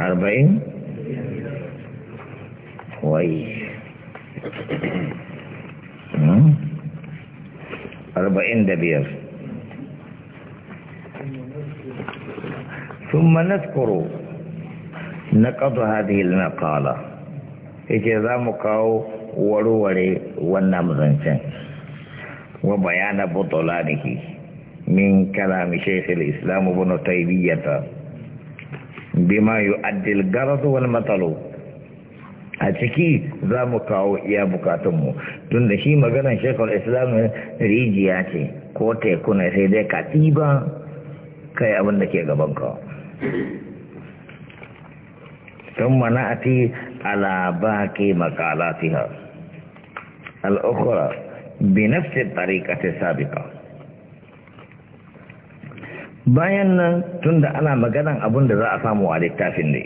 أربعين كويس نعم. أربعين دبير ثم نذكر نقض هذه المقالة إذا مقاو وروري شن وبيان بطلانه من كلام شيخ الإسلام ابن تيمية bima yu'addil garaz wal matalu a ciki za mu kawo iya bukatunmu tun da shi maganan shekaru islam rijiya ce ko teku ne sai dai ka ɗiba kai abin ke gaban ka sun mana a ti alaba ke makalatiha al'ukura bi nafsi tariƙa ta bayan nan tunda ana maganan abin da za a samu a littafin ne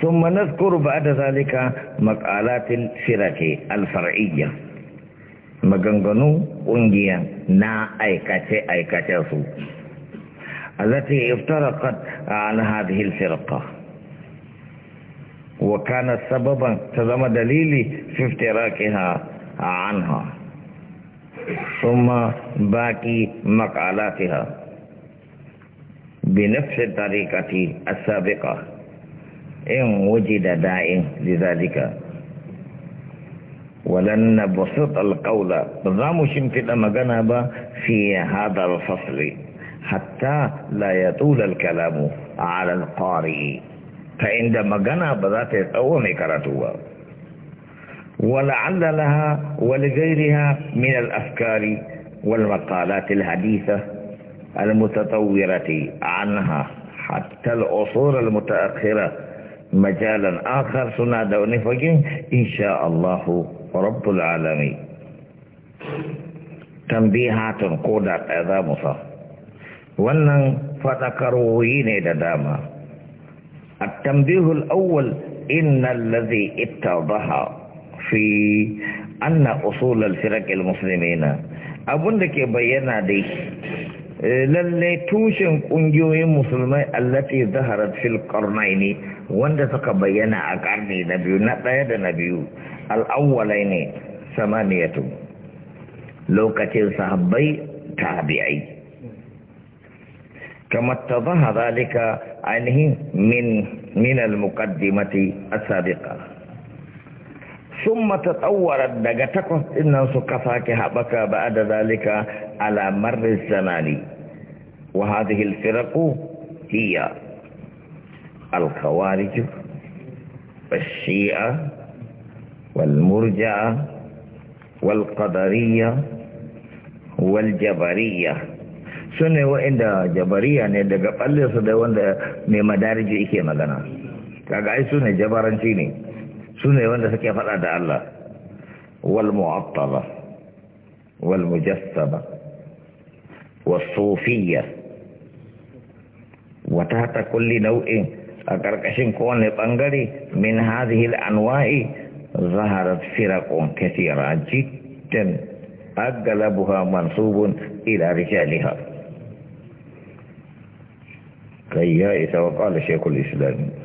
sun manas kurba da zalika makalatin firake alfar'iyya maganganu ƙungiya na aikace-aikace su a zata yi iftarakat a alhadhil firka wa kana sababan ta zama dalili fiftiraki ha a anha sun ma baƙi makalatin ha بنفس الطريقة السابقة إن وجد داء لذلك ولن نبسط القول نظام شمفد مغنبا في هذا الفصل حتى لا يطول الكلام على القارئ فعند مغنبا ذات يتقوم كرتوا ولعل لها ولغيرها من الأفكار والمقالات الحديثة al-mutatawwirati anha hatta al-usur al-mutaakhirah majalan akhar sunnah dauni fakir insyaAllah rabbul alami tambihatun kodat adamusa wannan fatakaruhine dadama at-tambihul awwal inna alladhi ittadaha fi anna usul al-firak al-muslimina ke bayyana bayana dih lalle tushen kungiyoyin musulmai allati zaharat fil qarnaini wanda suka bayyana a karni na biyu na daya da na biyu al-awwalaini samaniyatu lokacin sahabbai tabi'ai kama كما اتضح ذلك عنه من من المقدمة السابقة ثم تطورت دقتكم إن سكفاك هبك بعد ذلك على مر الزمان وهذه الفرق هي الخوارج والشيعة والمرجعة والقدرية والجبرية سنة وإن جبرية ندق قلص ده وإن مدارج إيكي مغانا كاقعي سنة جبران شيني سنة وإن سكي فرد الله والمعطلة والمجسمة والصوفية wata hata kulli nau'in a ƙarƙashin kowane ɓangare min hazihil anwa'i zaharat firakon kasira jittin agalabuha mansubun ila rijaliha kai ya isa wa ƙwala shekul islami